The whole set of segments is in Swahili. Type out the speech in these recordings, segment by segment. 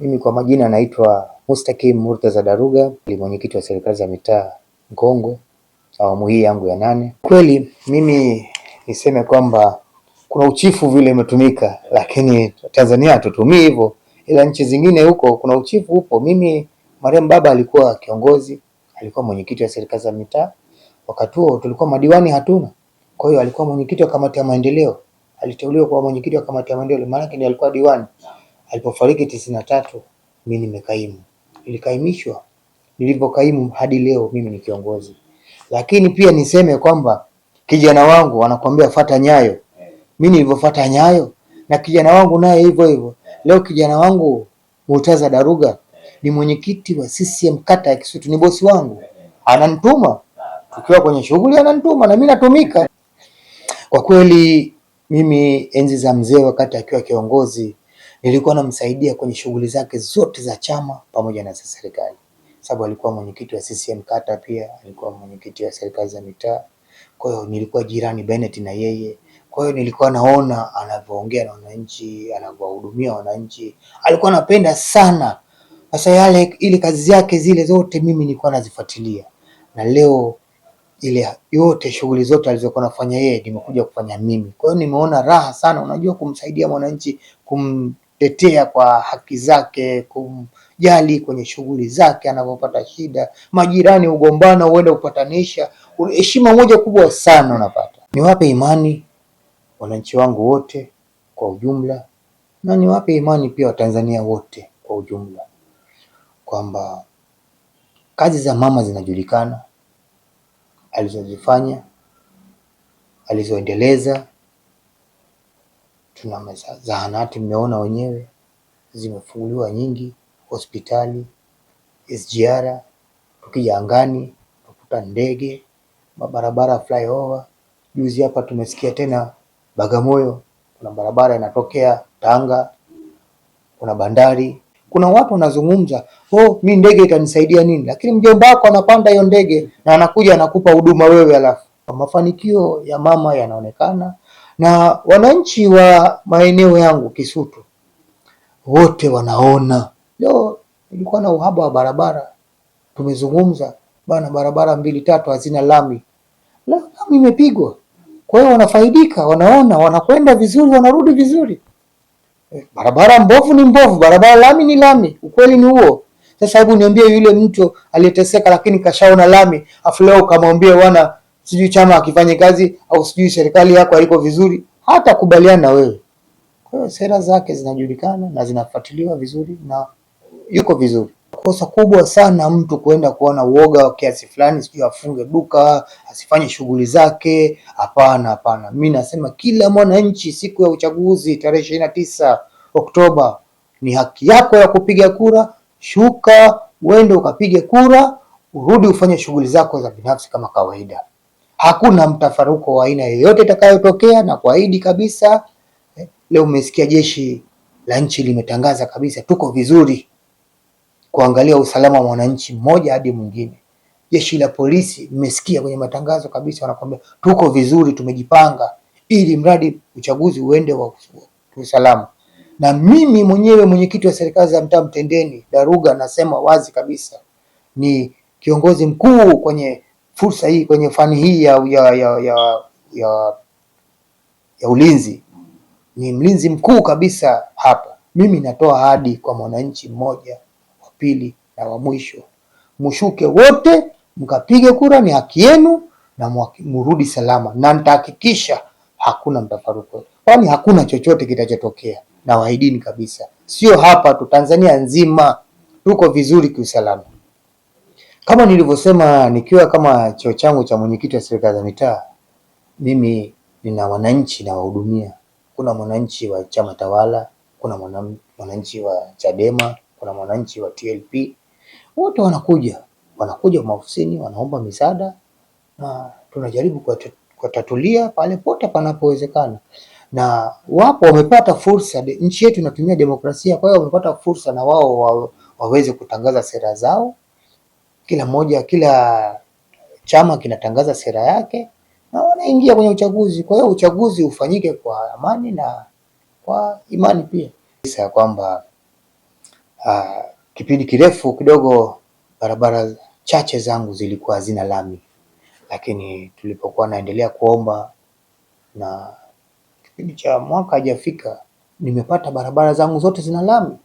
Mimi kwa majina naitwa Mustakim Murtaza Daruga, ni mwenyekiti wa serikali za mitaa Nkongwe awamu hii yangu ya nane. Kweli mimi niseme kwamba kuna uchifu vile umetumika, lakini Tanzania hatutumii hivyo, ila nchi zingine huko kuna uchifu upo. Mimi marehemu baba alikuwa kiongozi, alikuwa mwenyekiti wa serikali za mitaa. Wakati huo tulikuwa madiwani hatuna, kwa hiyo alikuwa mwenyekiti wa kamati ya maendeleo, aliteuliwa kuwa mwenyekiti wa kamati ya maendeleo, maana yake alikuwa diwani. Alipofariki tisini na tatu mimi nimekaimu, nilikaimishwa, nilivyokaimu hadi leo mimi ni kiongozi. Lakini pia niseme kwamba kijana wangu wanakwambia fata nyayo, mimi nilivyofata nyayo na kijana wangu naye hivyo hivyo. Leo kijana wangu Murtaza Daruga ni mwenyekiti wa CCM kata ya Kisutu, ni bosi wangu, ananituma tukiwa kwenye shughuli, ananituma na mimi natumika. Kwa kweli mimi enzi za mzee wakati akiwa kiongozi Nilikuwa namsaidia kwenye shughuli zake zote za chama pamoja na za serikali, sababu alikuwa mwenyekiti wa CCM kata, pia alikuwa mwenyekiti wa serikali za mitaa. Kwa hiyo nilikuwa jirani Bennett na yeye, kwa hiyo nilikuwa naona anavyoongea na wananchi, anavyohudumia wananchi, alikuwa anapenda sana. Sasa yale ile kazi yake zile zote mimi nilikuwa nazifuatilia, na leo ile yote shughuli zote alizokuwa anafanya yeye nimekuja kufanya mimi. Kwa hiyo nimeona raha sana, unajua kumsaidia mwananchi kum kumtetea kwa haki zake, kumjali kwenye shughuli zake anapopata shida. Majirani ugombana, huenda kupatanisha. Heshima moja kubwa sana unapata. Niwape imani wananchi wangu wote kwa ujumla, na niwape imani pia Watanzania wote kwa ujumla kwamba kazi za mama zinajulikana, alizozifanya, alizoendeleza tuna zahanati, mmeona wenyewe zimefunguliwa nyingi, hospitali SGR, tukija angani tukuta ndege, mabarabara flyover. Juzi hapa tumesikia tena Bagamoyo kuna barabara inatokea Tanga, kuna bandari. Kuna watu wanazungumza, oh, mi ndege itanisaidia nini? Lakini mjomba wako anapanda hiyo ndege na anakuja anakupa huduma wewe, alafu mafanikio ya mama yanaonekana na wananchi wa maeneo yangu Kisutu wote wanaona. Leo ilikuwa na uhaba wa barabara, tumezungumza bana, barabara mbili tatu hazina lami, lami imepigwa. Kwa hiyo wanafaidika, wanaona, wanakwenda vizuri, wanarudi vizuri. Eh, barabara mbovu ni mbovu, barabara lami ni lami, ukweli ni huo. Sasa hebu niambie, yule mtu aliyeteseka lakini kashaona lami, afu leo ukamwambia bwana sijui chama akifanyi kazi au sijui serikali yako haiko vizuri, hata kubaliana na wewe. Kwa hiyo sera zake zinajulikana na zinafuatiliwa vizuri na yuko vizuri. Kosa kubwa sana mtu kuenda kuona uoga wa kiasi fulani, sijui afunge duka, asifanye shughuli zake. Hapana, hapana, mi nasema kila mwananchi siku ya uchaguzi tarehe ishirini na tisa Oktoba ni haki yako ya kupiga kura. Shuka uende ukapiga kura, urudi ufanye shughuli zako za binafsi kama kawaida hakuna mtafaruko wa aina yoyote itakayotokea, na kuahidi kabisa eh, leo umesikia jeshi la nchi limetangaza kabisa, tuko vizuri kuangalia usalama wa mwananchi mmoja hadi mwingine. Jeshi la polisi mmesikia kwenye matangazo kabisa, wanakwambia tuko vizuri, tumejipanga ili mradi uchaguzi uende wa usalama. Na mimi mwenyewe mwenyekiti wa serikali za mtaa Mtendeni Daruga, nasema wazi kabisa, ni kiongozi mkuu kwenye fursa hii kwenye fani hii ya, ya, ya, ya, ya, ya ulinzi. Ni mlinzi mkuu kabisa hapa. Mimi natoa ahadi kwa mwananchi mmoja wa pili na wa mwisho, mshuke wote mkapige kura, ni haki yenu, na murudi salama, na nitahakikisha hakuna mtafaruku, kwani hakuna chochote kitachotokea. Nawaahidini kabisa, sio hapa tu, Tanzania nzima tuko vizuri kiusalama. Kama nilivyosema nikiwa kama cheo changu cha mwenyekiti wa serikali za mitaa, mimi nina wananchi na wahudumia. Kuna mwananchi wa chama tawala, kuna mwananchi wa Chadema, kuna mwananchi wa TLP. Wote wanakuja wanakuja maofisini, wanaomba misaada na tunajaribu kuwatatulia pale pote panapowezekana, na wapo wamepata fursa. Nchi yetu inatumia demokrasia, kwa hiyo wamepata fursa na wao wa, waweze kutangaza sera zao kila moja, kila chama kinatangaza sera yake na wanaingia kwenye uchaguzi. Kwa hiyo uchaguzi ufanyike kwa amani na kwa imani pia, ya kwamba uh, kipindi kirefu kidogo barabara chache zangu zilikuwa hazina lami, lakini tulipokuwa naendelea kuomba na kipindi cha mwaka hajafika nimepata barabara zangu zote zina lami.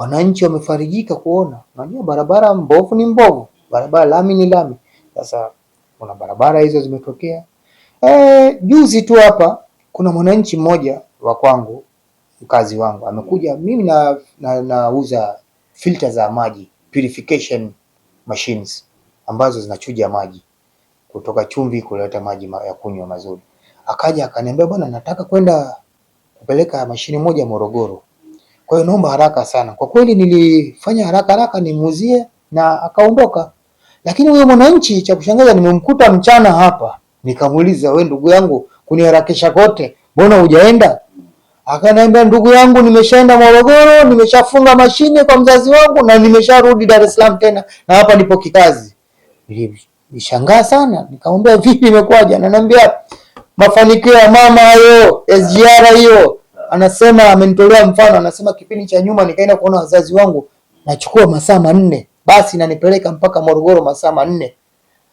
Wananchi wamefarijika kuona, unajua barabara mbovu ni mbovu, barabara lami ni lami. Sasa kuna barabara hizo zimetokea. Eh, juzi tu hapa kuna mwananchi mmoja wa kwangu, mkazi wangu amekuja, mimi na nauza na filter za maji purification machines ambazo zinachuja maji kutoka chumvi kuleta maji ma ya kunywa mazuri. Akaja akaniambia, bwana, nataka kwenda kupeleka mashine moja Morogoro kwa hiyo naomba haraka sana. Kwa kweli nilifanya haraka haraka nimuuzie na akaondoka. Lakini huyo mwananchi cha kushangaza nimemkuta mchana hapa. Nikamuuliza, we ndugu yangu, kuniharakisha kote, mbona hujaenda? Akaniambia, ndugu yangu, nimeshaenda Morogoro, nimeshafunga mashine kwa mzazi wangu na nimesharudi Dar es Salaam tena, na hapa nipo kikazi. Nilishangaa sana, nikamwambia vipi, imekwaje? Ananiambia mafanikio ya mama hayo, SGR hiyo anasema amenitolea mfano, anasema kipindi cha nyuma nikaenda kuona wazazi wangu, nachukua masaa manne basi nanipeleka mpaka Morogoro masaa manne.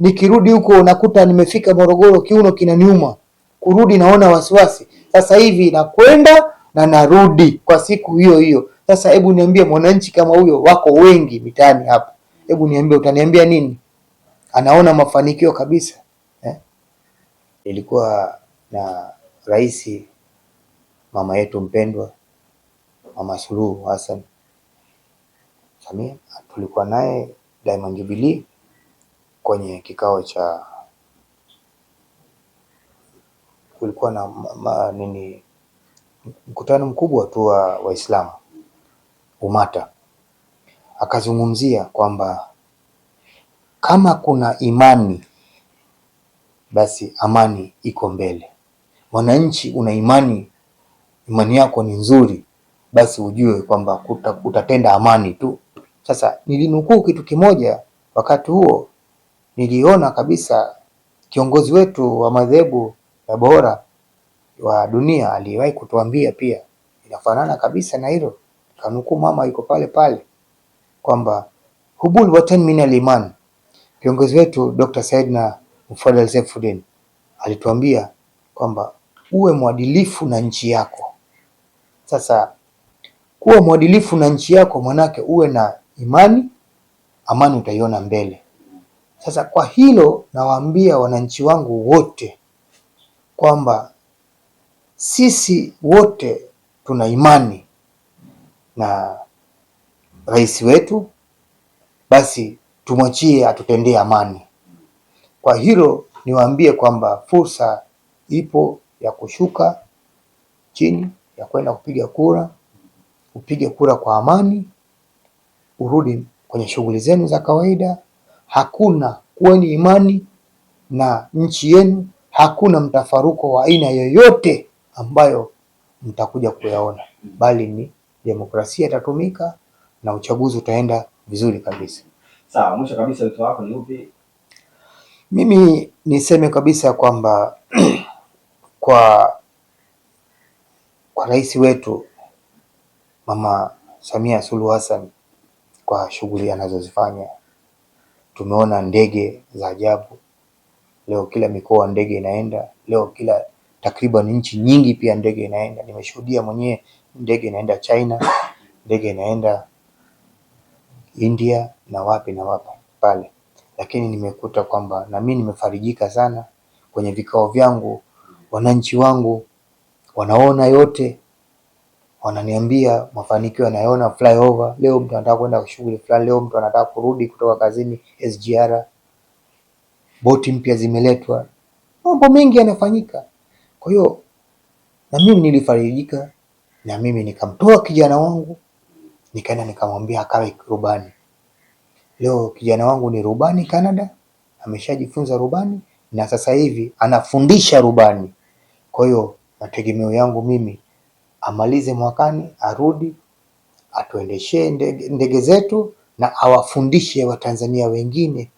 Nikirudi huko nakuta nimefika Morogoro, kiuno kinaniuma, kurudi naona wasiwasi. Sasa hivi nakwenda na narudi kwa siku hiyo hiyo. Sasa hebu niambie, mwananchi kama huyo wako wengi mitaani hapa, hebu niambie, utaniambia nini? Anaona mafanikio kabisa eh? Ilikuwa na rais mama yetu mpendwa, Mama Suluhu Hassan Samia. Tulikuwa naye Diamond Jubilee kwenye kikao cha kulikuwa na ma, nini mkutano mkubwa tu wa Waislamu Umata, akazungumzia kwamba kama kuna imani basi amani iko mbele. Mwananchi una imani imani yako ni nzuri, basi ujue kwamba utatenda amani tu. Sasa nilinukuu kitu kimoja wakati huo, niliona kabisa kiongozi wetu wa madhehebu ya bora wa dunia aliyewahi kutuambia pia, inafanana kabisa na hilo, kanukuu mama yuko pale pale kwamba hubul watan min aliman. Kiongozi wetu Dr. Saidna Mfadhil Saifuddin alituambia kwamba uwe mwadilifu na nchi yako. Sasa kuwa mwadilifu na nchi yako, mwanake uwe na imani, amani utaiona mbele. Sasa kwa hilo nawaambia wananchi wangu wote kwamba sisi wote tuna imani na rais wetu, basi tumwachie atutendee amani. Kwa hilo niwaambie kwamba fursa ipo ya kushuka chini ya kwenda kupiga kura, upige kura kwa amani, urudi kwenye shughuli zenu za kawaida. Hakuna kuweni imani na nchi yenu, hakuna mtafaruko wa aina yoyote ambayo mtakuja kuyaona, bali ni demokrasia itatumika na uchaguzi utaenda vizuri kabisa. Sawa, mwisho kabisa wito wako ni upi? Mimi niseme kabisa kwamba kwa kwa rais wetu Mama Samia Suluhu Hassan kwa shughuli anazozifanya. Tumeona ndege za ajabu leo, kila mikoa ndege inaenda leo, kila takriban nchi nyingi pia ndege inaenda. Nimeshuhudia mwenyewe ndege inaenda China, ndege inaenda India na wapi na wapi pale, lakini nimekuta kwamba na mimi nimefarijika sana kwenye vikao vyangu, wananchi wangu wanaona yote, wananiambia mafanikio anayoona flyover. Leo mtu anataka kwenda shughuli fulani, leo mtu anataka kurudi kutoka kazini SGR, boti mpya zimeletwa, mambo mengi yanafanyika. Kwa hiyo na mimi nilifarijika, na mimi nikamtoa kijana wangu nikaenda nikamwambia akawe rubani. Leo kijana wangu ni rubani Canada, ameshajifunza rubani na sasa hivi anafundisha rubani. Kwa hiyo Mategemeo yangu mimi amalize mwakani, arudi atuendeshee ndege, ndege zetu na awafundishe Watanzania wengine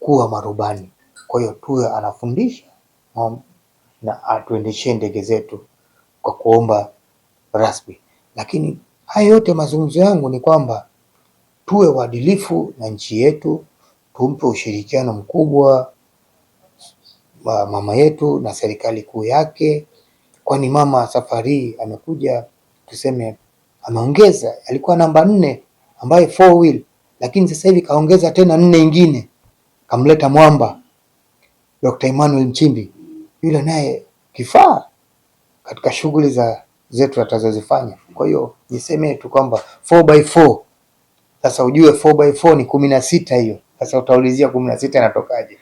kuwa marubani. Kwa hiyo tuwe anafundisha na atuendeshee ndege zetu kwa kuomba rasmi. Lakini haya yote mazungumzo yangu ni kwamba tuwe waadilifu na nchi yetu, tumpe ushirikiano mkubwa mama yetu na serikali kuu yake kwani mama safari amekuja tuseme ameongeza, alikuwa namba nne ambaye four wheel, lakini sasa hivi kaongeza tena nne ingine, kamleta mwamba Dr. Emmanuel Mchimbi, yule naye kifaa katika shughuli za zetu atazozifanya. Kwa hiyo niseme tu kwamba 4x4 sasa ujue 4x4 ni kumi na sita hiyo. Sasa utaulizia kumi na sita inatokaje?